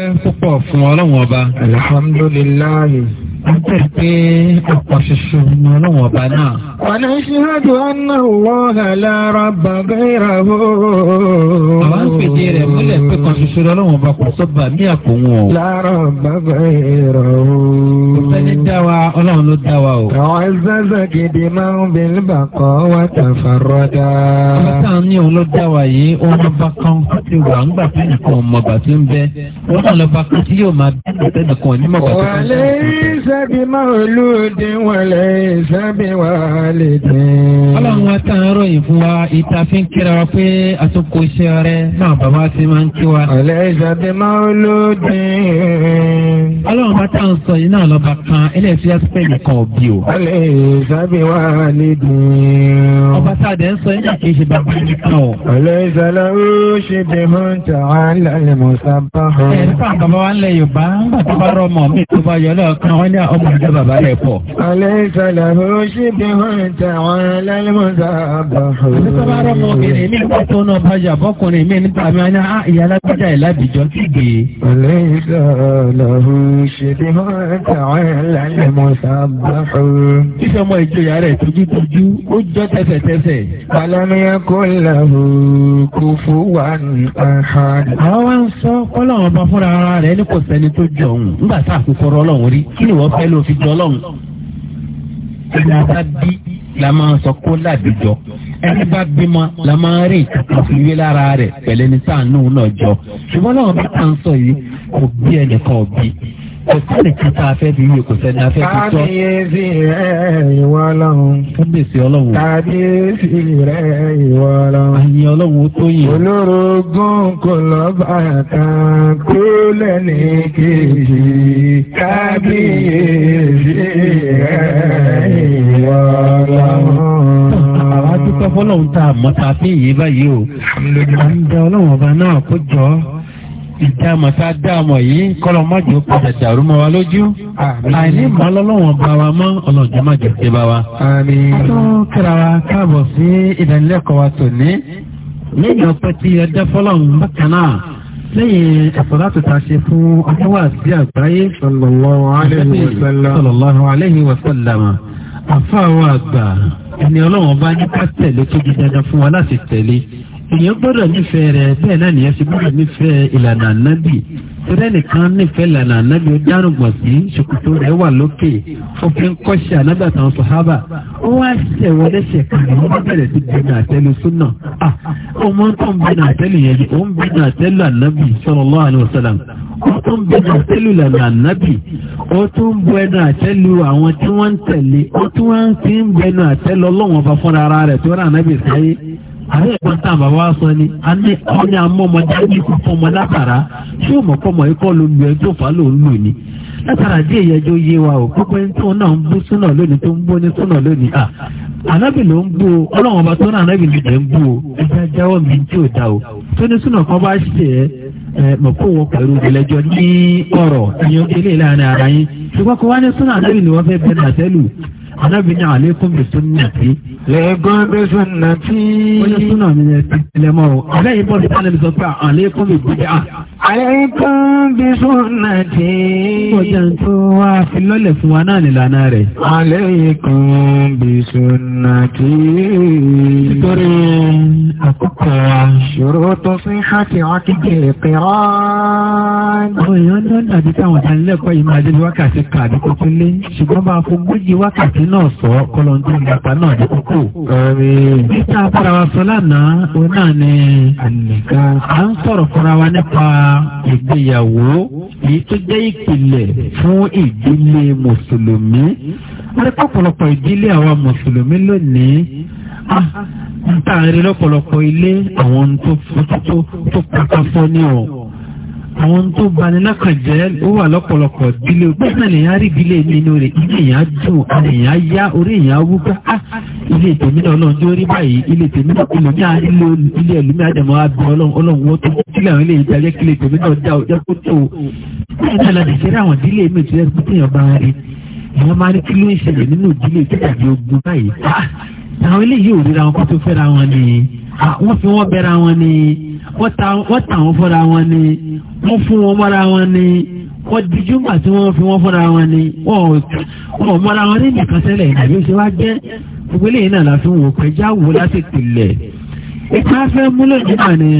Ẹ púpọ̀ fún ọlọ́run ọba. Alhamdulilayi. Nítorí pé ọ̀pọ̀ ṣoṣo ni ọlọ́wọ̀n ọba náà. Wàlá ṣíwájú ọ̀nà lọ́ọ̀hà lára bàbá ìràwọ̀. Àwọn ń fìdí rẹ̀ múlẹ̀ pé kan ṣoṣo lọ́wọ́n ọba kò tó bà mí àpò wọn o. Lára bàbá ìràwọ̀. Ọ̀sẹ̀ni dá wa ọlọ́run ló dá wa o. Àwọn ẹ̀sẹ̀ gidi máa ń bí sẹ́bi mọ́lúdì wọlé sẹ́bi wàlìdì. ọlọ́run wa tán ròyìn fún wa ìtàfin kíra wa pé àsopọ̀ iṣẹ́ rẹ náà bàbá ti máa ń kí wa. wọlé sẹ́bi mọ́lúdì. ọlọ́run wa tán sọ yìí náà lọ́ba kan ẹlẹ́sìn ẹsẹ̀ nìkan òbí o. wọlé sẹ́bi wàlìdì. ọba sáàdẹ̀ ń sọ yìí náà kì í ṣe bàbá nìkan o. wọlé sẹ́lẹ̀ ó ṣe bí wọ́n tẹ̀ wá lálẹ́ mọ̀ọ́sá bá wọn. ń náà ọmọ ìjọ bàbá rẹ̀ pọ̀. alẹ́ ìsàlẹ̀ oṣù bí wọ́n ń ta àwọn alálẹ́mọ̀tà àbọ̀. àtúntò bá mi nígbà tó náà bá bọ́kùnrin mi nígbà mi ní ah, ìyá alágbádá ìlàbìjọ́ ti gbé. alẹ́ ìsàlẹ̀ oṣù bí wọ́n ń ta àwọn alálẹ́mọ̀tà àbọ̀. fífi ọmọ ìjọyà rẹ̀ tójútójú ó jọ tẹfẹtẹfẹ. alamiya kò lahu fẹ́ ló fi jọ lọ́hùn. ẹni bá bí la máa sọ kó làdìjọ ẹni bá bímọ la máa rí àfiwé lára rẹ̀ pẹ̀lẹ́ ní sáà náà jọ ṣùgbọ́n láwọn bá kà ń sọ yìí kò bí ẹnìkan ò bí kò sẹ́ni kíta afẹ́ bí iye kò sẹ́ni afẹ́ bí tọ́. kábíyèsí rẹ̀ ìwọ ọlọ́run. kábíyèsí ọlọ́run. kábíyèsí rẹ̀ ìwọ ọlọ́run. àyìn ọlọ́run tó yẹ. olórogún kò lọ bàtà kó lẹ́ni kejì. kábíyèsí rẹ̀ ìwọ ọlọ́run. àwa dúpẹ́ fọlọ́run tá a mọ̀ tá a fi yé báyìí o. àmì ọlọ́run ọba náà kó jọ ìdámọ̀tá dámọ̀ yìí kọ́lọ̀ mọ́jọ padà dàrú mọ́ wa lójú àìní mọ́ lọ́lọ́wọ́n bá wa mọ́ ọlọ́jọ́ mọ́jọ ṣe bá wa. tó kíra wa káàbọ̀ sí ìdánilẹ́kọ̀ọ́ wa tòní lẹ́yìn ọpẹ́ tí ẹ dá bákan náà lẹ́yìn ẹ̀fọ́lá tó ta ṣe fún akéwàsí àgbáyé sallallahu alaihi wa sallam sallallahu wa sallam ẹni ọlọ́wọ́n bá ní ká tẹ̀lé tó di dandan fún wa láti tẹ̀lé èèyàn gbọ́dọ̀ nífẹ̀ẹ́ rẹ̀ bẹ́ẹ̀ náà nìyẹn ti gbọ́dọ̀ nífẹ̀ẹ́ ìlànà ànábì tẹ́lẹ̀ nìkan nífẹ̀ẹ́ ìlànà ànábì ó dárùngbọ̀n sí ṣòkòtò rẹ̀ wà lókè òfin kọ́ṣẹ́ ànábì àtàwọn sọ̀hábà ó wá ṣẹ̀ wọlé ṣẹ̀ kan ní wọ́n bẹ̀rẹ̀ sí bínú àtẹ́lu súnà ọmọ tó ń bínú àtẹ́lu yẹn ó ń bínú àtẹ́lu ànábì sallallahu alaihi wasallam tún bẹnu àtẹ́lù lànà ànábì ó tún bẹnu àtẹ́lù àwọn tí wọ́n ń tẹ̀lé ó tún wá ń fi ń bẹnu àtẹ́lù ọlọ́wọ́n bá fúnra ara rẹ̀ tó rà ànábì sáyé àárẹ̀ ìgbọ́n tá àbá wa sọ ni a ní àwọn ní amọ́mọdé ní kò fọmọ látara tí ó mọ̀ ikọ́ ló lu tó fà á lò ní. látara díẹ̀ yẹjọ́ yé wa o pípẹ́ tó náà ń bú súnà lónìí tó ń bú ní súnà lónìí à anabi ló ń bú o ọlọ́run ọba tó náà ló ń bú o ẹja jáwọ́ mi tí da o tó ní súnà bá ṣe ẹ wọ pẹ̀lú anábì ní àlékún bí súnà tí. lẹ́ẹ̀kan bí súnà tí. ó ní súnà mi yẹn ti tilẹ̀ mọ́ o. ọ̀rẹ́ yìí bọ́ sí sálẹ̀ mi sọ pé àlékún bí gbé à. àlékún bí súnà tí. ó jẹ́ n tó wá fi lọ́lẹ̀ fún wa náà nílànà rẹ̀. àlékún bí súnà tí. nítorí àkókò wa. ṣòro tó sí hàtì àkíkè pẹ̀rọ. àwọn èèyàn ń dán dàbí táwọn ìdánilẹ́kọ̀ọ́ yìí máa dé wákàtí kàdí tuntun lé ṣùgbọ́n bá a fọ gbójì wákàtí náà sọ kọ́lọ́ tó ń gbàgbà náà ní kókó. níta fúnra wa sọ lánàá òun náà ni à ń sọ̀rọ̀ fúnra wa nípa ìgbéyàwó èyí tó jẹ́ ìpìlẹ̀ fún ìdílé mùsùlùmí. wọ́n rí pọ̀pọ̀lọpọ̀ ìdílé àwa mùsùlùmí lónìí ń tàn rí lọ́pọ̀lọpọ̀ ilé àwọn tó pàtàkì ní ọ̀ àwọn tó bani lọ́kàn jẹ́ ó wà lọ́pọ̀lọpọ̀ ìdílé gbọ́dọ̀ nìyàn rí ìdílé nínú rẹ̀ ilé èèyàn dùn àníyàn yá orí èèyàn wúgbà á ah, ilé tèmi náà ọlọ́run tí ó rí báyìí ilé tèmi náà ìlòmíà ilé ilé ẹlòmíà dẹ̀mọ́ abẹ́ ọlọ́run ọlọ́run wọ́n tó sílẹ̀ àwọn ilé ìjà jẹ́ kílé tèmi náà já ọjọ́ kó tó o. báyìí àwọn ìdílé mi tó yẹ kó ìyá máa ní kí ló ń ṣẹlẹ̀ nínú ìdílé ìtàkì ogun báyìí ah, àwọn eléyìí ò ríra wọn kó tó fẹ́ra wọn ni ah, wọ́n fi wọ́n bẹ́ra wọn ni wọ́n tà wọ́n fọ́ra wọn ni wọ́n fún wọn mọ́ra wọn ni wọ́n díjú gbà tí wọ́n fi wọ́n fọ́ra wọn ni wọ́n ò mọ́ra wọn níbi kan sẹ́lẹ̀ ìdàgbé ṣe wá jẹ́ gbogbo eléyìí náà la fi wò pẹ́já wò láti pìlẹ̀ ìpá múlò nígbà ni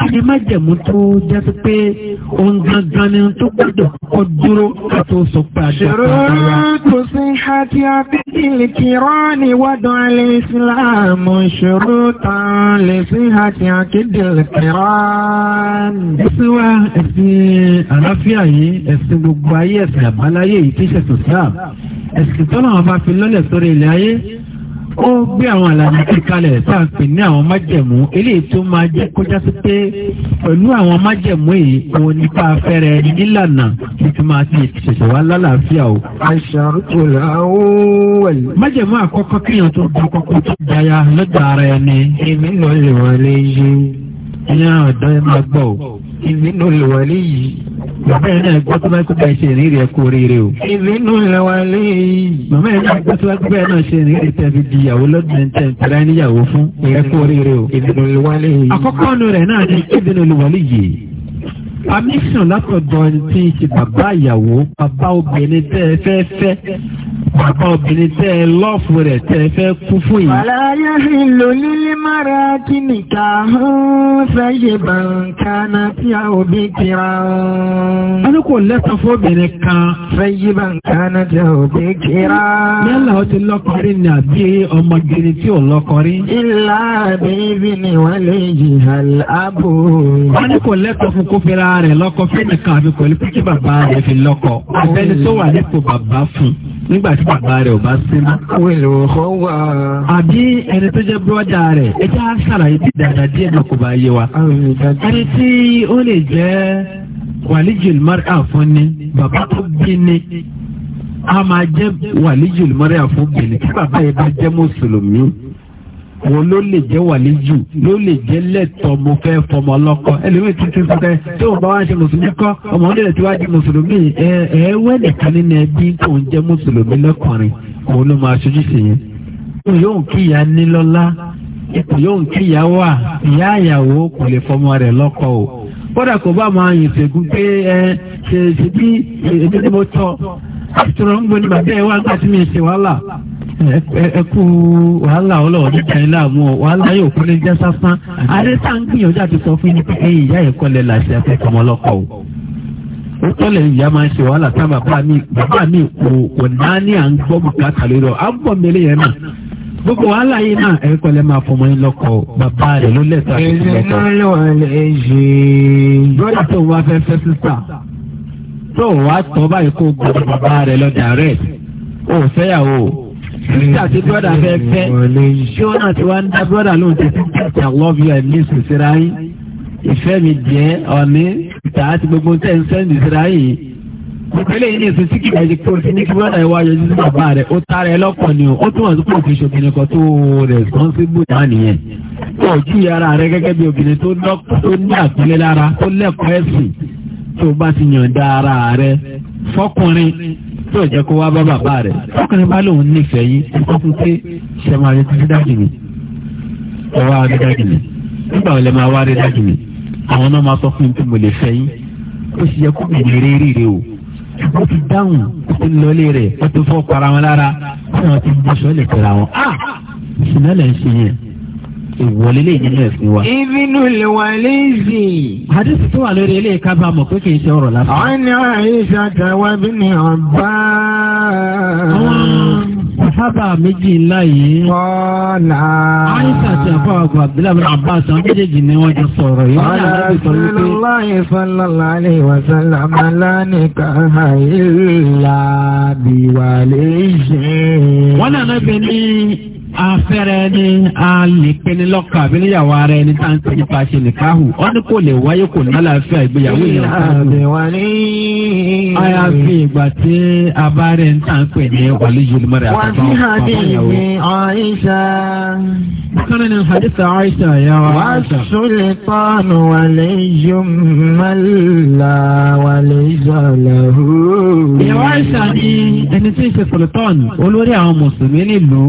àti májẹ̀mú tó jẹ́ sí pé ohun gangan ni tó gbọ́dọ̀ kọ́ dúró àti oṣù pàṣẹ. ṣòro tó sí àti àbíkìlì kìrọ́ọ̀nì wọ́dọ̀ ilé ìsìláàmù ṣòro tán lè sí àti àkídìlì kìrọ́ọ̀nì. ẹ̀sìn wa ẹ̀sìn àlàáfíà yìí ẹ̀sìn gbogbo ayé ẹ̀sìn àbáláyé yìí tí ṣètò sáà ẹ̀sìn tọ́lọ́wọ́n bá fi lọ́lẹ̀ sórí ilẹ̀ ayé ó gbé àwọn àlàyé kíkalẹ̀ sáàpì ní àwọn májẹ̀mú eléyìí tó máa jẹ́ kọjá sí pé pẹ̀lú àwọn májẹ̀mú yìí kò nípa afẹ́rẹ́ nílànà tuntun máa ti ṣẹ̀ṣẹ̀ wá lálàáfíà o. àṣàrùtòlá ó wẹ̀l. májẹ̀mú àkọ́kọ́ kíyàn tó gba kọ́kọ́ tó jaya lọ́dọ̀ ara ẹni. èmi náà lè wọlé yé. ìyá ọ̀dọ́ ẹ máa gbọ́ o ìzínú ìwọlé yìí bàbá yẹn náà gbọ́ tó bá kú báyìí ṣe ìrírí ẹ̀ kú oríire o. ìzínú ìwọlé yìí. bàbá yẹn náà gbọ́ tó bá kú báyìí náà ṣe ìrírí tẹ̀ di ìyàwó lọ́dún tẹ̀ tẹ̀ra níyàwó fún ẹ̀ kú oríire o. ìzínú ìwọlé yìí. àkọ́kọ́ nù rẹ̀ náà ni ìzínú ìwọlé yìí amíṣàn látọ̀dọ̀ ẹni tí ń ṣe bàbá ìyàwó bàbá obìnrin tẹ́ ẹ fẹ́ fẹ́ bàbá obìnrin tẹ́ ẹ lọ́ọ̀fù rẹ̀ tẹ́ ẹ fẹ́ kú fún yìí. àlàyé fi lò nílé mára kí nìka fẹ́ ṣe bàǹkà náà tí a ò bí kira. a ní kò fún obìnrin kan. fẹ́ ṣe bàǹkà náà tí a ò bí kira. yálà ó ti lọ́kọrin ní àbí ọmọge tí ò lọ́kọrin. ìlà àbí ni wọ́n lè yí àlábò. a ní kò fún kófìrà rẹ̀ lọ́kọ fẹ́nìkan àbí pẹ̀lú pé kí bàbá rẹ̀ fi lọ́kọ abẹ́ni tó wà nípò bàbá fún nígbà tí bàbá rẹ̀ ò bá sí mọ́. àbí ẹni tó jẹ́ bọ́dà rẹ̀ ẹ jẹ́ àṣàlàyé ti dàda díẹ̀ náà kò bá yé wa. ẹni tí ó lè jẹ́ wàlíjùl mọ́ríà fún ni bàbá tó bí ni a máa jẹ́ wàlíjùl mọ́ríà fún bìnrin tí bàbá yẹn bá jẹ́ mùsùlùmí òun ló lè jẹ́ wàlí jù ló lè jẹ́ lẹ́tọ̀ mo fẹ́ fọmọ ọlọ́kọ ẹlòmíì tuntun sọ pé tí òun bá wá ṣe mùsùlùmí kọ́ ọmọ òun lè ti wá di mùsùlùmí ẹ ẹ wẹ́ẹ̀dẹ̀kan nínú ẹbí tó ń jẹ́ mùsùlùmí lọ́kùnrin òun ló máa ṣojú sí yẹn. òun yóò kíyà nílọ́lá ipò yóò kíyà wà ìyá àyàwó kò lè fọmọ rẹ̀ lọ́kọ o kódà kò bá máa yìn ṣègùn pé ẹ ṣe ṣe bí ni mo tọ́ àtúrọ̀ ń ẹ wá ń gbà tí ẹkú wàhálà ọlọ́wọ́ níta ilé àmọ́ wàhálà yóò kún lé jẹ́ sáfán àdéta ń gbìyànjú àti sọ fún yín pé ẹ̀yìn ìyá ẹ̀kọ́ lẹ̀ làṣẹ akẹ́kọ̀ọ́ ọmọlọ́kọ̀ o ó tọ́lẹ̀ ìyá máa ń ṣe wàhálà tá bàbá mi bàbá mi kò kò náání à ń gbọ́ bùkátà lórí ọ à ń bọ̀ mẹ́lẹ̀ yẹn náà gbogbo wàhálà yìí náà ẹ̀kọ́ lẹ̀ máa fọmọ yín lọ́kọ̀ bàbá rẹ̀ ló lẹ́sà tó fẹ́yàwó sísà tí brọ́dà fẹ́ fẹ́ tí ó náà ti wá ń dá brọ́dà lóhun ti sí ìjà lọ́ọ̀bù ẹ̀ you. ìsìnsára yín ìfẹ́ mi jẹ́ ọ̀ní ìta àti gbogbo tẹ̀ ń sẹ́ndì síra yìí ìpínlẹ̀ yìí ní èso tí kìlá ẹni tó ti ní kí brọ́dà ìwà yọjú sí bàbá rẹ̀ ó tara ẹ lọ́pọ̀ ni ó tún wọ́n sí pé òfin ṣòkìnrin kan tó responsible náà nìyẹn tó jí ara rẹ̀ gẹ́gẹ́ bí obìnrin tó ní àpẹẹlẹ lára tó lẹ́kọ̀ọ́ ẹ̀sìn tó bá ti yàn dá ara rẹ̀ fọkùnrin tí ò jẹ́ kó wá bá bàbá rẹ̀ ọkùnrin bá lòun nífẹ̀ẹ́ yín nípa fún pé ṣe máa retí sí dájú mi ẹ wá rí dájú mi nígbà wo lẹ máa wá rí dájú mi àwọn náà máa sọ fún mi pé mo lè fẹ́ yín ó sì yẹ kó bèrè rírì rè o ó ti dáhùn ó ti lọlé rẹ̀ ó ti fọ́ para wọn lára ó ti bọ́ṣọ́ lè pẹ̀lú àwọn ah ìṣìnà lẹ́ ń ṣe yẹn ìwọlé lè nínú ẹ̀sìn wa. ìbínú lè wà léèzì. àdìsí tó wà lórí ilé kábà mọ̀ pé kì í ṣe ọ̀rọ̀ lásán. àwọn ní àyíṣà tàwa bí ní ọba. Sábà méjì ńlá yìí. Kọ́lá. Àyíṣà àti àbá Abdullahi Abbas àwọn méjèèjì ni wọ́n jọ sọ̀rọ̀ yìí. Wọ́n yàrá ti sọ̀rọ̀ pé. Ọlọ́láyé sọ́lọ́lá lè wà sálámà lánìkà àìlá bí wà léṣe. Wọ́n náà náà bẹ ní afẹ́rẹ́ ni a lè pinni lọ́kà àbí níyàwó ara ẹni tá à ń pè nípa ṣe nìkáhù ó ní kò lè wáyé kò ní àlàáfíà ìgbéyàwó yìí náà. àyàfi ìgbà tí a bá ń tà ń pè ní wàlí yìí lùmọ̀rẹ́ àtàkùn ọ̀pọ̀ ìyàwó. bákan ní hadisa Aisha ya wa. wà á sọlẹ̀ pàánù wàlẹ̀ yomala wàlẹ̀ yọ̀làhù. ìyàwó Aisha ni ẹni tí ń ṣe sọlẹ̀ tọ́ọ̀nù olórí àwọn mùsùlùmí nílùú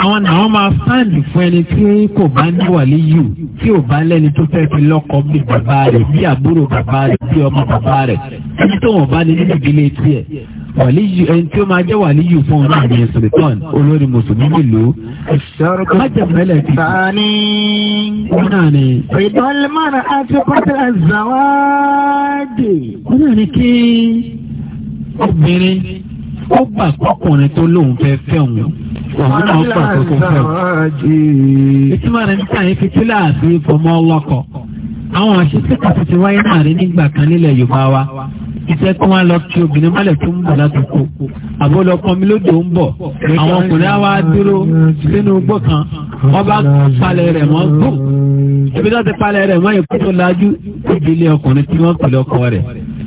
àwọn àwọn máa fáàndì fún ẹni tí kò bá ní wàlí yìí tí ò bá lẹ́ni tó fẹ́ fi lọ́kọ bí bàbá rẹ̀ bí àbúrò bàbá rẹ̀ bí ọmọ bàbá rẹ̀ ẹni tó wọ́n bá ní nínú ìdílé tiẹ̀ wàlí yìí ẹni tí ó máa jẹ́ wàlí yìí fún ọ̀nà àmì sultan olórí mùsùlùmí nílùú. májàmẹ́lẹ̀ ti sàní. wọ́n náà ni. ìdánlemọ́ra àti pátá àzàwádìí. wọ́n náà ni kí obìnrin ó gbà ọkùnrin tó lóun fẹ́ fẹ́ òun òun náà gbà tó tó fẹ́ òun. ìtumọ̀ rẹ̀ níta yẹn fi tílà àti ìfọmọ́ ọlọ́kọ̀ àwọn àṣìṣe kàtó ti wáyé náà rí nígbà kan nílẹ̀ Yorùbá wa iṣẹ́ tí wọ́n lọ kí obìnrin mọ́lẹ̀ tó ń bọ̀ láti kó àbó lọ pọnmi lódò ń bọ̀ àwọn ọkùnrin á wá dúró sínú igbó kan wọ́n bá palẹ̀ rẹ̀ mọ́ gbó ebi tó ti palẹ̀ rẹ̀ mọ́ èkó tó lajú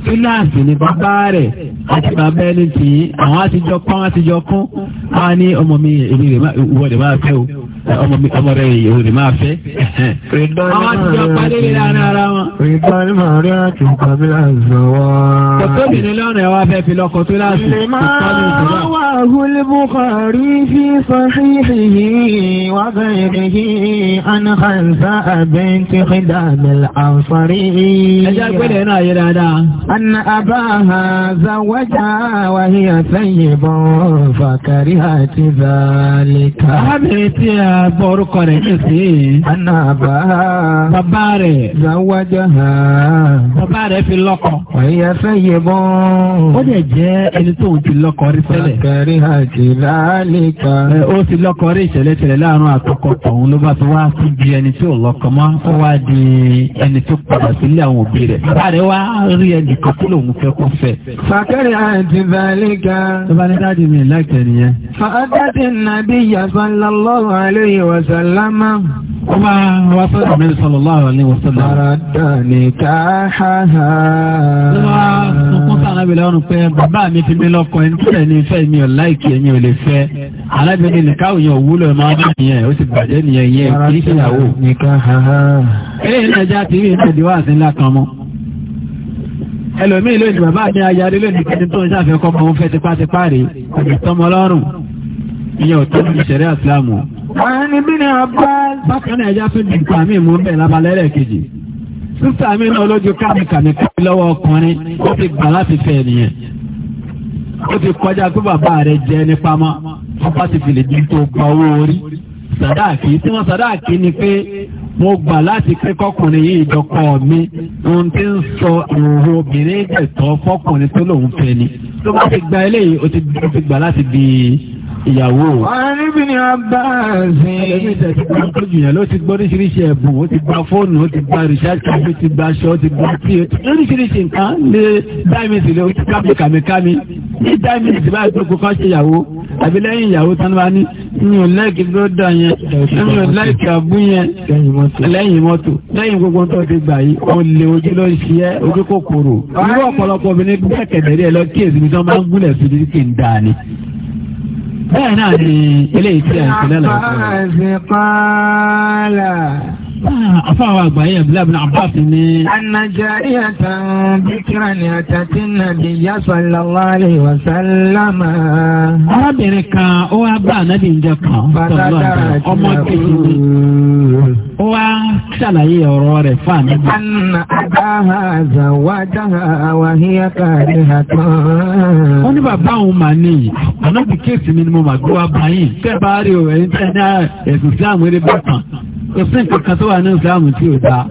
kíláàsì ni bàbá rẹ̀ àti bàbá ẹni tì í àwọn àtijọ́ kún àtijọ́ kún àwọn ní ọmọ mi ìwọ́de máa fẹ́ o ọmọ mi ọmọ rẹ yòó ni máa fẹ́. àwọn ní láàrin ara wọn. ìgbà ni màá rí wá. kòtò bìnrin lọ́rùn ẹ̀ wá fẹ́ fi lọ́kọ̀ tó láàzọ. lè wà hul Bukhari fi sahihihi wa ghayrihi an Khalsa binti Khidam al-Ansari. ẹjẹ́ agbẹ́lẹ̀ náà yẹ dáadáa. an abaha zawaja wa hiya sayyibun fakariha ti zalika gbọ́ orúkọ rẹ̀ nísìnyí. ana bá. bàbá rẹ̀. zawaja ha. bàbá rẹ̀ fi lọ́kọ. ọ̀yà fẹ́ yẹ bọ́. ó lè jẹ́ ẹni tó ń ti lọ́kọ rí tẹ́lẹ̀. kẹrí àti láàlíkà. ẹ ó ti lọ́kọ rí ìṣẹ̀lẹ̀ tẹ̀lẹ̀ láàrin àtọkọ tọ̀hún ló bá ti wá sí di ẹni tí ò lọ́kọ mọ́. ó wá di ẹni tó padà sílé àwọn òbí rẹ̀. bàbá rẹ̀ wá rí ẹnì kan kí lòun fẹ́ kó fẹ́. fàkẹ́rì àti láàlíkà. tó bá dáàdi mi láì tẹ̀ عليه وسلم وما وصل النبي صلى الله عليه وسلم أرد نكاحها Ànábì lọ́rùn pé bàbá mi fi mí lọ́kọ ẹni tí ẹni fẹ́ mi ò láìkí ẹni ò lè fẹ́. Ànábì ní nìkáwò yẹn òwúlò máa bá nìyẹn ó sì bàjẹ́ nìyẹn yẹn kì í ṣèyàwó. Eré ìnájà ti rí ìnájà wà sí ńlá kan mọ́ ẹlòmíì lónìí bàbá ní ayarí lónìí kẹni tó ń ṣàfihàn kọ́ mọ́ fẹ́ tipátipá rèé kò ní tọ́mọ lọ́rùn ìyẹn ò tó ní ìṣẹ̀rẹ́ àsìlámù. Wọ́n ní bí ní abá bákan náà ẹja tó di nǹkan mi mú bẹ́ẹ̀ lábalẹ́rẹ̀ kejì. Sísá mi náà lójú kàmìkàmì kàmì lọ́wọ́ ọkùnrin ó ti gbà láti fẹ́ nìyẹn. Ó ti kọjá pé bàbá rẹ̀ jẹ́ ní pamọ́. Ọba ti fi lè di tó gba owó orí. Sàdáàkì tí wọ́n sàdáàkì ni pé mo gbà láti pé kọkùnrin yìí dọkọ mi ohun tí ń sọ ìhòòhò obìnrin jẹ̀tọ́ fọkùnrin tó lòun fẹ́ ni. Tó bá ti gba eléyìí ó ti gbà láti bíi ìyàwó. Àníbi ni a bá sí. Ẹlẹ́mí ìtẹ̀sí gba tójú yẹn ló ti gbọ́ oríṣiríṣi ẹ̀bùn, ó ti gba fóònù, ó ti gba rìṣáàtì, ó ti gba aṣọ, ó ti gba tí o ti. Oríṣiríṣi nǹkan lé dáìmìtì lé ojú kámi kàmíkámi. Ní dáìmìtì báyìí tó kó kán ṣe ìyàwó. Àbí lẹ́yìn ìyàwó tán bá ní mi ò láìkì bróda yẹn, mi ò àbú yẹn, lẹ́yìn mọ́tò. Lẹ́yìn gbogbo tó ti gbà yìí, o lè ojú ló ń ẹ́ ojú kòkòrò. Irú ọ̀pọ̀lọpọ̀ obìnrin gbẹ́kẹ̀dẹ̀rí ẹ lọ kí èsì bẹ́ẹ̀ náà ni eléyìí tí a ń sọ afáwọn àgbáyé abúlé abúlé abbas ní. anajari atan bikira ni atati nabi yasalala alayhi wa salama. arábìnrin kan ó wá bá anabi ń jẹ kan sọlọ ọmọ kejì ó wá ṣàlàyé ọ̀rọ̀ rẹ̀ fún anabi. anna adáha zawajaha wahiya kari hatan. wọ́n ní bàbá òun mà ní anabi kéèsì mi ni mo mà gbé wa báyìí. tẹ́ bá rí o ẹ̀yin tẹ́ ní ẹ̀sùn sí àwọn eré bá kan kò sí nǹkan kan tó wà ní ìsìlámù tí ò dáa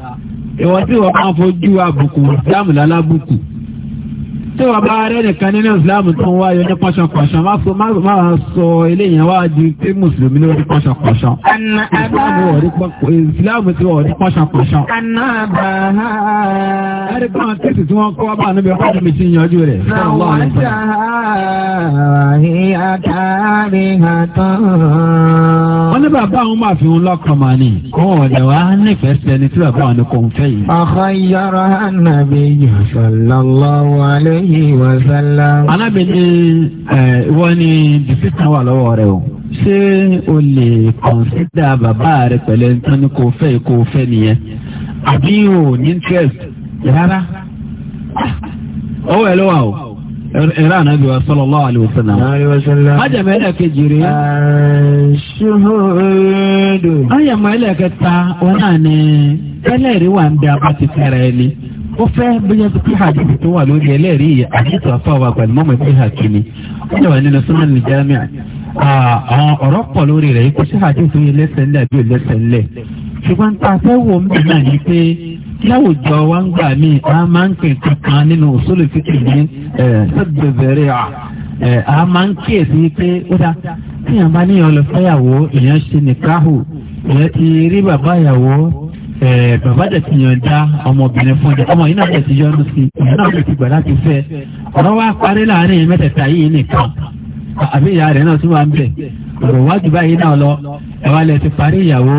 ìwọ tí wọ́n máa fojú àbùkù ìsìlámù lálábùkù tí wọ́n bá rẹ̀ nìkan nínú islam tó ń wáyọ ní pọ́ṣọpọ̀ṣọ má so má sọ eléyìn wá ju pé mùsùlùmí ló rí pọ́ṣọpọ̀ṣọ islam tí wọ́n rí pọ́ṣọpọ̀ṣọ. ẹ̀rí kan títí tí wọ́n kọ́ bá níbi ọkọ̀ mi ti yanjú rẹ̀. wọ́n ní bàbá àwọn máa fi wọn lọ́kàn máa ní kó wọ́n dẹ̀ wá nífẹ̀ẹ́ sẹ́ni tí bàbá àwọn kò ń fẹ́ yìí. ọ̀kọ̀ yọrọ ànàbí alayhi wa sallam. alábẹ̀dẹ ẹ wọ́n ní bìsítà wà lọ́wọ́ rẹ o ṣé o lè kọ̀nsídà bàbá rẹ pẹ̀lú ẹ̀ńtán ni kò fẹ́ kò fẹ́ nìyẹn àbí o ní interest rárá ọwọ́ ẹ ló o ẹ̀rọ ànábi wa sallallahu alaihi wasallam. májàmá ẹlẹ́kẹ̀jì rẹ̀. ṣùhùrù. májàmá ẹlẹ́kẹta wọn náà ni ẹlẹ́rìí wà ń bẹ abá ti fẹ́rẹ̀ ẹni ó fẹ́ bóyá tó kí àdìsí tó wà lórí ẹlẹ́rìí àdìsí àfáwà pẹ̀lú mọ́mọ́ ìpè hàkìní ó lè wà nínú súnmọ́ ní jámíà àwọn ọ̀rọ̀ pọ̀ lórí rẹ̀ ikú sí àdìsí yẹn lẹ́sẹ̀ ńlẹ̀ àbí òlẹ́sẹ̀ ńlẹ̀ ṣùgbọ́n tá a fẹ́ wò mí náà ni pé láwùjọ wa ń gbà mí a máa ń pè kankan nínú òṣòlù fífi ní sọ́gbẹ̀bẹ̀rẹ̀ a máa ń kíyèsí pé ó dá tíyànbá níyàn lọ fẹ́yàwó ìyẹn ṣe nìkáhù ìyẹn ti rí bàbá ìyàwó bàbá dẹ̀ ti yànjá ọmọbìnrin fún ọjà ọmọ yìí náà dẹ̀ ti yọnu sí ọmọ náà dẹ̀ ti gbà láti fẹ́ ọ̀rọ̀ wa parí láàrin mẹ́tẹ̀ẹ̀ta yìí nìkan àbí ìyá rẹ̀ náà tún wà ń bẹ̀ ọ̀rọ̀ wájú báyìí náà lọ ẹ̀wà lẹ̀ ti parí ìyàwó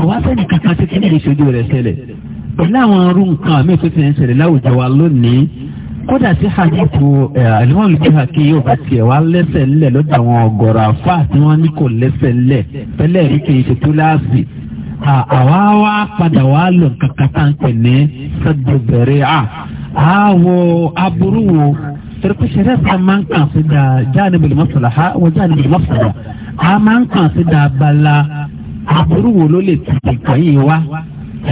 ọ̀wá sẹ́ni kankan tí kí ni ìṣojú rẹ̀ ṣẹlẹ̀ pẹ̀lú àwọn ọrú nǹkan àmì tó ti ń ṣẹlẹ̀ láwùjọ wa lónìí kódà tí hadithu alimọ́lù bí haki yóò bá tiẹ̀ wá lẹ́sẹ̀ ńlẹ̀ lọ́dọ̀ àwọn ọ̀gọ̀rọ̀ àfáà tí wọ́n ní kò lẹ́sẹ̀ ńlẹ̀ tẹ́lẹ̀ rí kì í ṣe tó láàbì àwa wá padà wá lò kankan tá à ń pè ní sọ́dọ̀bẹ̀rẹ̀ à àwọ̀ aburú wo tẹ̀rẹ̀kùsẹ̀rẹ̀ ta máa ń kàn sí da jáde bẹ̀rẹ̀ mọ́sálà ha wọ́n jáde bẹ̀rẹ̀ mọ́sálà a máa ń kàn sí da bala, aburú wo ló lè ti dìkan yìí wá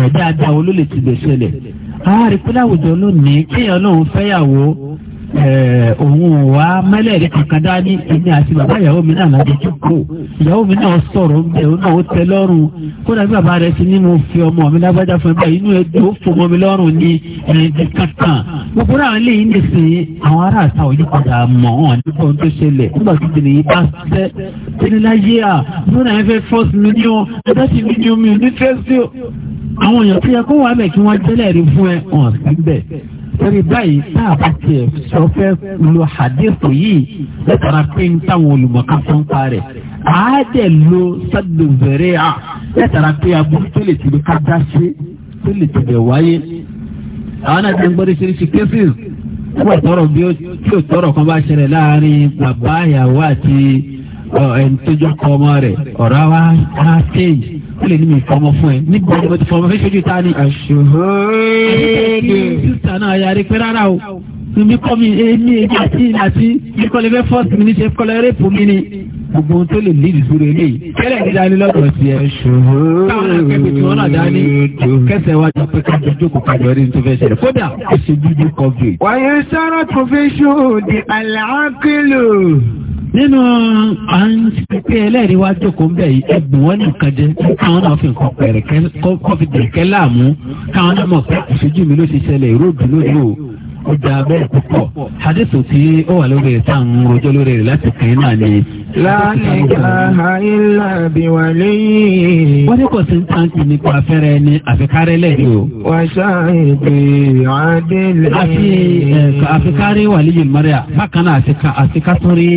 ẹ̀dá dáa wo ló lè ti gbèsè lẹ̀ a rí pé láwùjọ lónìí kéèyàn lóun fẹ́yàwó. Eh, òun wa mẹ́lẹ̀rí kankan dání èmi àti bàbá ìyàwó mi náà lájọ tó kù ìyàwó mi náà sọ̀rọ̀ ń bẹ̀ òun náà ó tẹ lọ́rùn kódà bí bàbá rẹ̀ ti ní mo fi ọmọ mi lágbájá fún ẹ báyìí inú ẹgbẹ́ ó fò mọ́ mi lọ́rùn ní ẹ̀ẹ́dì kankan gbogbo náà lè ń dẹ̀sìn àwọn ará àta òní padà mọ̀ ọ́n nípa ohun tó ṣẹlẹ̀ nígbà tó ti nìyí bá tẹ́ tẹ́niláyé à lónà ẹ̀fẹ́ fọ́ọ̀sì mi ní ọ ẹ̀dá ti mi ní omi ò ní fẹ́ sí àwọn èèyàn tó yẹ kó wà bẹ̀ torí báyìí tá a bá tiẹ̀ sọ fẹ́ lo àdéhùn yìí lẹ́tara pé ń táwọn olùmọ̀ká fún pa rẹ̀ àá dẹ̀ lo sọ́dọ̀ bẹ̀rẹ̀ à lẹ́tara pé aburú tó lè tìlú ká dá sí tó lè tẹ̀lé wáyé àwọn náà ti ń gbọ́dọ̀ ṣeréṣe kéfìs kó tọrọ bí ó tí ò tọrọ kan bá ṣẹlẹ̀ láàrin bàbá ìyàwó àti ẹni tó ọmọ rẹ̀ ọ̀rọ̀ wa á change ó lè ní mi fọmọ fún ẹ nígbà tí mo ti fọmọ fẹ́ ṣojú ta ni. àṣùhóòdì náà yarí pé rárá o mi kọ́ mi èmi èmi àti àti mi kọ́ lè fẹ́ fọ́ọ̀sì mi ní ṣe kọ́ lè rẹ́pù mi ni gbogbo ohun tó lè léyìí sórí eléyìí kẹ́lẹ́ ìdí dání lọ́dọ̀ sí ẹ. káwọn akẹ́kọ̀ọ́ tí wọ́n náà dání kẹsẹ̀ wa jọ pé kájọ jókòó kájọ rí nítorí ẹsẹ̀ rẹ̀ kódà ó ṣe dúdú kọ́fì. wàyé sára tó fi ṣòdì àlàákìlò nínú à ń pípé ẹlẹ́rìí wá jókòó bẹ́ẹ̀ yìí ẹgbùn wọn nìkan jẹ káwọn náà fi nǹkan pẹ̀rẹ̀kẹ́ kọ́fì dẹ̀kẹ́ láàmú káwọn náà mọ̀ pé ìṣojú mi ló ti ṣẹlẹ̀ ìròdù lónìí o ó da bẹ́ẹ̀ púpọ̀ hadithu tí ó wà lórí rẹ̀ tá à ń rojọ́ lórí rẹ̀ láti kàn náà ni. láàlìkà ilà bí wà lẹ́yìn. wọ́n ní kò sí táǹkì nípa afẹ́rẹ́ ní àfikárẹ́ lẹ́yìn o. wàṣà èdè àdélé. àti eh, àfikárẹ́ wà lẹ́yìn mọ́ríà bákan náà àfikátúrí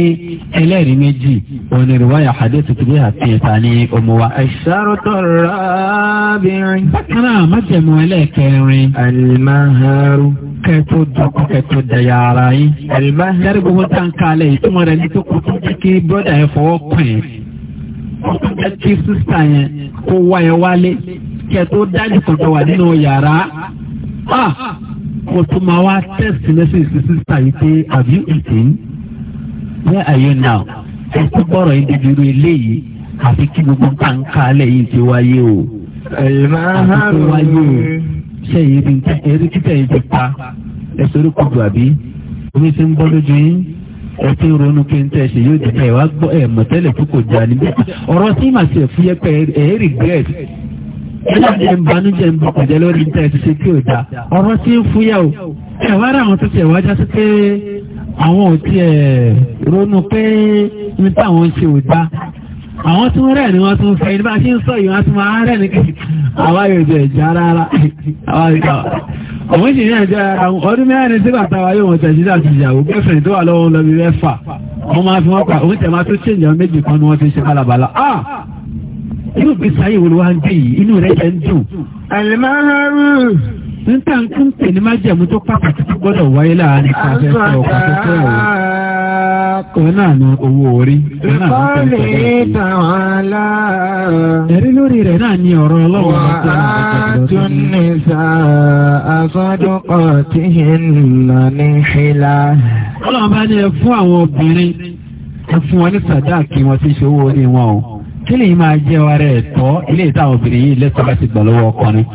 ẹlẹ́rìí méjì òní rìwáyà hadithu tí bíi àti ìta ní ọmọ wa. àṣàrò tó rábìrin. bákan náà májẹ̀mú ẹlẹ́ẹ̀kẹrin. alimaharu kẹ́ tó dọ̀kọ́ kẹ́ tó dẹ̀yà ara yín. Yàrá gbogbo tá n kalẹ̀ ìtumọ̀ rẹ̀ ní tó kò tó jẹ́ kí bọ́dà yẹn fọwọ́ kàn yẹn. Kò tó jẹ́ kí sísà yẹn kó wá yẹn wálé. Kẹ́ tó dájú kọ̀tọ̀ wà nínú yàrá. Kò tó máa wá tẹ́sì mẹ́sẹ̀sì sísà yìí pé àbí ìtì ń. Where are you now? Ẹ tó gbọ́rọ̀ yín dídí irú eléyìí àfi kí gbogbo tá n kalẹ̀ yìí ti wáyé o. Àti tó wáyé o ṣe èrì èrì títẹ̀ yìí ti pa ẹ̀sọ́ orí kojú àbí omi ti ń bọ́ lójú yín ẹtí ronú kí n tẹ ṣe yóò dìde ẹ wá gbọ́ ẹ mọ̀tẹ́lẹ̀ tó kò já níbẹ̀ ọ̀rọ̀ tí màá ṣe fúyẹ́ pé ẹ ẹ regret ẹlá jẹ ń banújẹ́ ń bọkànjẹ́ lórí ń tẹ ẹ ṣiṣẹ́ kí o dá ọ̀rọ̀ tí ń fúyẹ́ o ẹ wá rà wọn tó ṣe wájá sí pé àwọn ò tiẹ̀ ronú pé n táwọn ṣe ò dá àwọn tún rẹ̀ ni wọ́n tún fẹ́ ní bá ṣe ń sọ yìí wọ́n tún máa rẹ̀ ní àwọn yòjò ẹ̀já rárá àwọn ìṣìyàn bí mẹ́fà wọ́n ah! ń gbé yìí inú rẹ̀ jẹ́ ń dùn. àlùmáhàrù. níta ń ní májẹ̀mú tó pàtàkì tó gbọ́dọ̀ wáyé láàárín òun náà ni owó orí. ìkọ́lé tàwálà. ẹ̀rí lórí rẹ̀ náà ni ọ̀rọ̀ ọlọ́run wá sí ọ̀nà àtàkùn lọ́dún. wàá tún ní sa àsọdúnkọ̀ tí ń lọ ní fìlà. ọlọ́run bá ní ẹ fún àwọn obìnrin ẹ fún wọn ní sàdáàkì wọn tí ṣe owó orí wọn o kí lè máa jẹ́ wa rẹ̀ tọ́ ilé ìtàwọn obìnrin yìí lẹ́tọ̀ọ́ láti gbà lọ́wọ́ ọkùnrin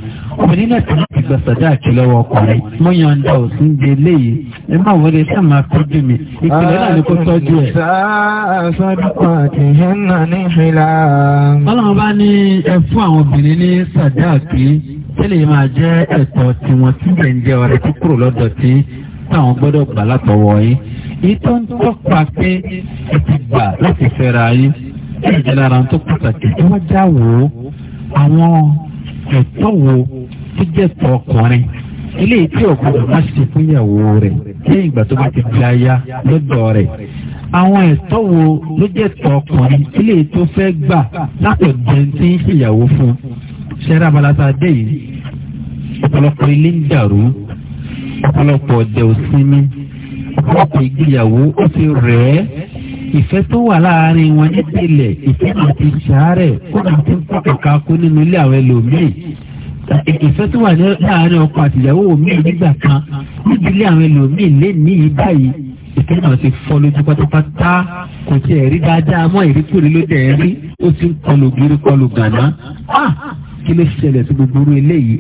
obìnrin lẹ́tọ̀ọ́ láti gbà sàdáàkì lọ́wọ́ ọkùnrin mo yàn dá òsín de léyìí ẹ má wọlé ṣáà máa tọ́jú mi ìpìlẹ̀ náà ni kò tọ́jú ẹ̀. ọlọ́run bá ní ẹ fún àwọn obìnrin ní sàdáàkì kí lè máa jẹ́ ẹ̀tọ́ tiwọn tí bẹ̀ ń jẹ́ ọ̀rẹ́ tí kúrò lọ́dọ̀ tí táwọn gbọ́dọ̀ gbà látọwọ́ yín èyí tó ń tọ́pa pé ẹ ti gbà láti fẹ́ra yín díẹ̀ jẹ́ lára tó pàtàkì ẹ wá já wò ó àwọn ẹ̀tọ́ wo tó jẹ́ tọ́ ọkùnrin eléyìí tí òkú má ṣe fúnyàwó rẹ̀ lẹ́yìn ìgbà tó bá ti di aya lọ́dọ̀ rẹ̀ àwọn ẹ̀tọ́ wo ló jẹ́ tọ́ ọkùnrin eléyìí tó fẹ́ gbà látọ̀jẹ́ tí ń fìyàwó fún ṣẹ́rẹ́ abalata dé yìí ọ̀pọ̀lọpọ̀ ilé ń dàrú ọ̀pọ̀lọpọ̀ ọ̀dẹ̀ òsinmi ọ̀pọ̀lọpọ̀ ìgbéyàwó ó ti rẹ̀ ẹ́ ìfẹ́ tó wà láàárín wọn nípìnlẹ̀ ìfẹ́ àti sàárẹ̀ kó náà ti ń pàkàkà kú nínú ilé àwọn ẹlòmíì ìfẹ́ tó wà láàárín ọkọ àtìyàwó mi nígbà kan níbi ilé àwọn ẹlòmíì lé ní yìí báyìí ìfẹ́ náà ti fọ́ lójú pátápátá kò tiẹ̀ rí dáadáa mọ́ ìríkùrí ló dẹ̀ rí ó ti ń kọlù gírí kọlù gànà kí ló ṣẹlẹ̀ tó gbogbo eléyìí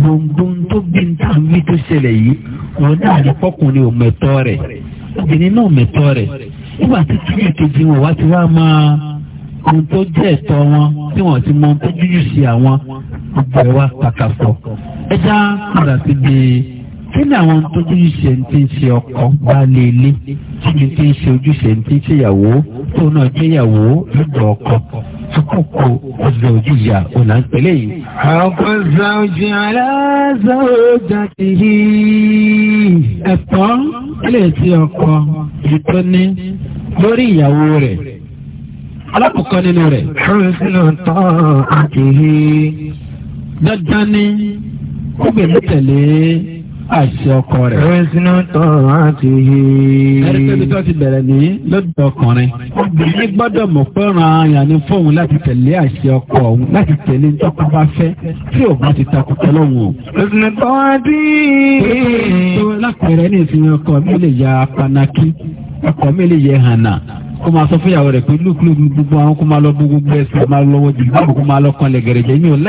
gbòǹgbò tó bí n tà ń wí tó ṣẹlẹ̀ yìí wọn náà ní fọkùnrin ò mẹ̀tọ́ obìnrin náà mẹ̀tọ́ rẹ̀ nígbà tí tíyẹ̀ kejì wọn wá ti wá máa ohun tó jẹ́ ẹ̀tọ́ wọn tí wọ́n ti mọ ohun tó jújù sí àwọn gbogbo ẹ̀ wá pàkàfọ̀ ẹ já padà sí bí kí ni àwọn tó jújù ṣe ń ti ṣe ọkọ bá lé ilé kí ni ti ṣe ojúṣe ń ṣe ìyàwó tó náà jẹ́ ìyàwó lọ́dọ̀ ọkọ. حقوق الزوجية هناك إليه حق الزوج على زوجته ẹ̀tọ́ ẹlẹ́tì ọkọ ètò ní lórí ìyàwó rẹ̀ alákọ̀ọ́kọ́ nínú rẹ̀. ṣùgbọ́n ọ̀tọ̀ àdìrí dandan ni ó gbèmí àti ọkọ rẹ̀. rẹ́sínà tọrọ àti he. ẹnikẹ́ni tó ti bẹ̀rẹ̀ ní lọ́dọ̀ ọkùnrin. obìnrin gbọ́dọ̀ mọ̀ pé ràn yàn ní fóun láti tẹ̀lé àṣẹ ọkọ òun láti tẹ̀lé tọ́kọ bá fẹ́ tí òun bá ti takò tọ́lọ́ wọn. rẹ́sínà tọrọ àti he. lápẹ̀rẹ̀ ní ìsinmi ọkọ mi lè ya panaki ọkọ mi lè yẹ hànà kó máa sọ fúnyàwó rẹ̀ pé lúkúlù gbogbo àwọn kó máa lọ gbogbo ẹsẹ̀ máa lọ́wọ́ jù lọ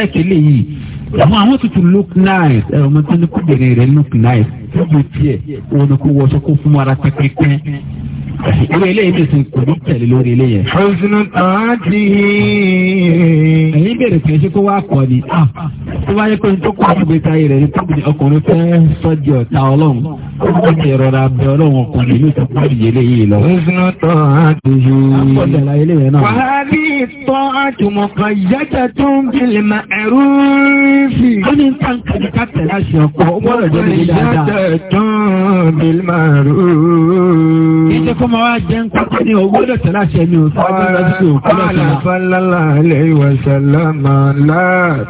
àwọn àwọn tuntun look nice ẹ ọmọ tó ní kó bèrè rẹ look nice fúnbi tiẹ̀ òun ni kó wọṣọ kó fún ara pẹ́pẹ́pẹ́ ìwé ilé yìí nìsín kò ní tẹ̀lé lórí ilé yẹn. ọ̀sùnù tààtì. ẹ̀yin bèrè pé ṣé kó wá kọ́ ni tó bá yẹ kó ní tó kọ́ àgbẹ̀ táyé rẹ̀ ní tó bìí ọkùnrin fẹ́ sọ́jì ọ̀tá ọlọ́run ó bá ti rọra bẹ ọlọ́run ọkùnrin ní ìtàn pàdé yẹlé yìí lọ. ọ̀sùnù tààtì. àkọ́dàlà ilé yẹn náà. wàhálì tọ́ àtùmọ̀kọ̀ yàtọ̀ tó ń bilẹ̀ màá ẹ̀rú fi. ó ní táǹkà ní ká tẹ̀lé àṣẹ ọkọ ó gbọ́dọ̀ jẹ́ mi dáadáa. ìyá tán bíi màrú. ìṣe kó máa wá jẹ́ ń pápá ní owó lè tẹ̀lé àṣẹ mi ò sọ́ọ́ bí wọ́n ti kọ́ lọ́tà. sọ́lá alẹ́ ìwà sàlámà lá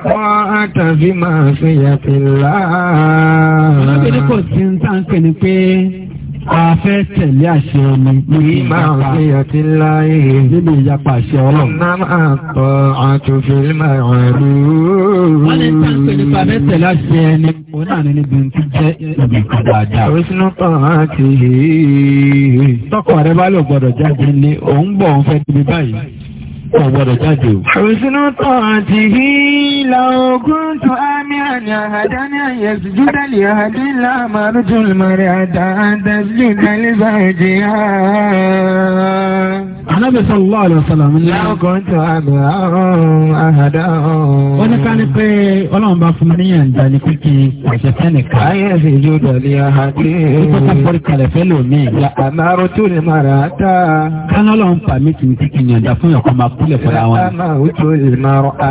kọ́ àtàfi máa fi yàtì lá. ọlọ́bìnrin kò sí ń táǹkà ni pé a fẹ́ tẹ̀lé àṣẹ ọmọ níbi ìyapa níbi ìyapa àṣẹ ọlọ́run. máa tọ́ àtúnfẹ́ máa rú. wọ́n lè tán pé nípa fẹ́ tẹ̀lé àṣẹ ẹni òun náà ní níbi tí jẹ́ ìbí padà. oṣù kan àti yìí. tọkọ rẹ bá lò gbọ́dọ̀ jáde ní òun bọ̀ òun fẹ́ débi báyìí ọ̀gbọ́dọ̀ jáde o. Òṣìnà tọ́ àti hí láogún tó ámì àní àhàdá ní àyẹ̀ ṣùjúdàlì àhàdí láàmà rújùlùmọ̀rẹ̀ àdáadáa ṣùjúdàlì bàjẹ́ àà. Ànábì sallallahu alaihi wasallam ní. Láàkùn tó àgbà ọ̀hún àhàdá ọ̀hún. Wọ́n ní ká ní pé ọlọ́run bá fún mi ní yànjá ní pínkì pàṣẹ fẹ́nìkan. Ayé ẹ̀sìn ìjọ dọ̀lẹ́ àhàdé. Ó tó kọ́ kalẹ̀ fẹ́ lómi. Àmàrò tó lè mara ta. Káná ọlọ́run pa mí kì í ti kì í yànjá fún yàn kó máa kúlẹ̀ fọ́ra wọn. Àmàrò tó lè mara ta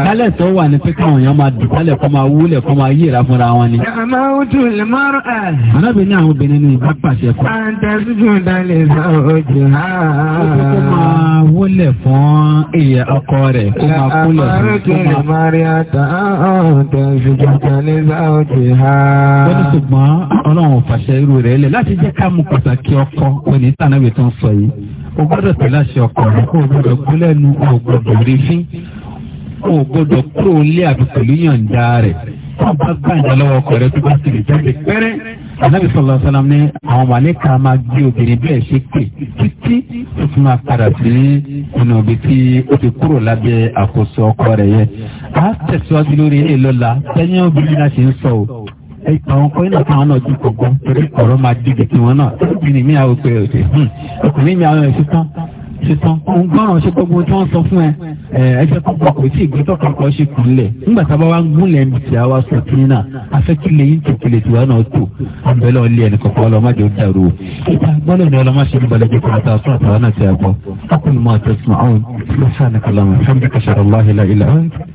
máa wólẹ̀ fún ìyẹ ọkọ rẹ̀ kó máa kúlẹ̀ fún kó máa. Mariata ọ̀dọ̀ ìfìjọba ní Záòjì ha. Wọ́n ní ṣùgbọ́n ọlọ́run fàṣẹ irú rẹ̀ lẹ̀ láti jẹ́ ká mú pàtàkì ọkọ pẹ̀lú ìtànàbì tó ń sọ yìí. O gbọ́dọ̀ tẹ̀lé àṣẹ ọkọ rẹ̀ kó o gbọ́dọ̀ gúnlẹ̀ nu o gbọ́dọ̀ rí fín. O gbọ́dọ̀ kúrò lé àbí pẹ̀lú yọ̀ǹda rẹ̀ tó bá gbàǹjà lọ́wọ́ ọkọ rẹ tó bá sì lè jáde pẹ́rẹ́ anabi sọlọ sọlọm ní àwọn màlẹ́kà máa gbé obìnrin bẹ́ẹ̀ ti kúrò lábẹ́ àkóso ọkọ rẹ̀ yẹ. a tẹ̀síwájú lórí ilé lọ́la tẹ́yìn obìnrin náà ṣe ń sọ o àwọn kọ́ iná táwọn náà dùn kọ̀ọ̀kan torí ọ̀rọ̀ máa dìgbì tiwọn náà obìnrin mi ṣùgbọ́n ohun gbọ́ràn ṣe gbogbo tí wọ́n sọ fún ẹ ẹjẹ́ púpọ̀ kò sí ìgbésọ̀ kankan ṣe kúnlẹ̀ nígbà tá a bá wá ń gúnlẹ̀ ní ti àwa sọ kí náà afẹ́kílẹ̀ yín tó kílẹ̀ tiwa náà tó àbẹ̀lẹ̀ ọ̀lẹ́ ẹni kọ̀ọ̀kan ọlọ́mọdé ó dàrú o ìta gbọ́dọ̀ ni ọlọ́mọṣẹ́ ní balẹ̀ jẹ́kọ̀ọ́ àti àtúntò àtàwọn náà ti àgbọ̀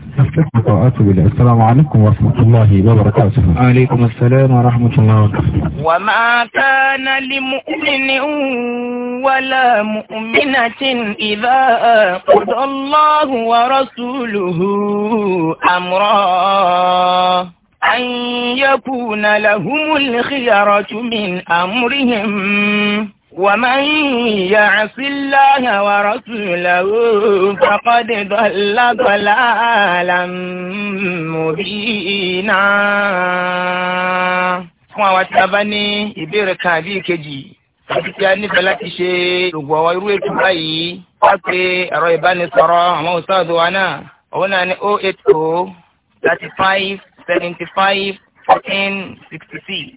السلام عليكم ورحمة الله وبركاته عليكم السلام ورحمة الله وبركاته وما كان لمؤمن ولا مؤمنة إذا قضى الله ورسوله أمرا أن يكون لهم الخيرة من أمرهم ومن يعص الله ورسوله فقد ضل ضلالا مبينا fún àwa tí a bá ní ìbéèrè kan àbí ìkejì àti tí a nífẹ̀ẹ́ láti ṣe gbogbo àwọn irú ètò báyìí wá pé ẹ̀rọ ìbánisọ̀rọ̀ àwọn òṣèlú wa náà òun náà ní oh eight oh thirty five seventy five fourteen sixty six.